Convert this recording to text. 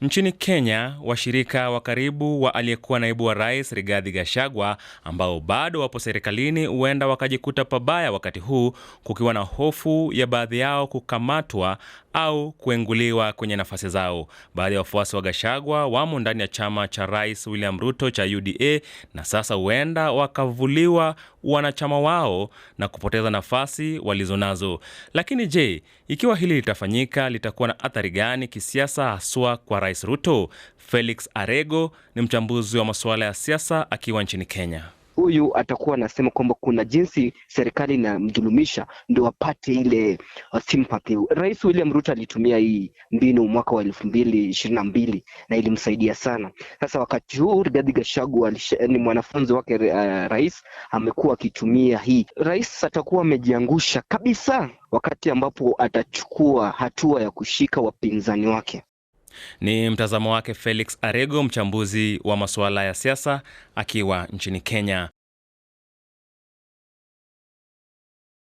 Nchini Kenya, washirika wa karibu wa aliyekuwa naibu wa rais Rigathi Gachagua ambao bado wapo serikalini huenda wakajikuta pabaya wakati huu kukiwa na hofu ya baadhi yao kukamatwa au kuenguliwa kwenye nafasi zao. Baadhi ya wafuasi wa gashagwa wamo ndani ya chama cha Rais William Ruto cha UDA na sasa huenda wakavuliwa wanachama wao na kupoteza nafasi walizonazo. Lakini je, ikiwa hili litafanyika litakuwa na athari gani kisiasa, haswa kwa Rais Ruto? Felix Arego ni mchambuzi wa masuala ya siasa akiwa nchini Kenya huyu atakuwa anasema kwamba kuna jinsi serikali inamdhulumisha ndio apate ile uh, sympathy. Rais William Ruto alitumia hii mbinu mwaka wa elfu mbili ishirini na mbili na ilimsaidia sana. Sasa wakati huu Rigathi Gachagua ni mwanafunzi wake, uh, rais amekuwa akitumia hii. Rais atakuwa amejiangusha kabisa wakati ambapo atachukua hatua ya kushika wapinzani wake. Ni mtazamo wake Felix Arego, mchambuzi wa masuala ya siasa akiwa nchini Kenya.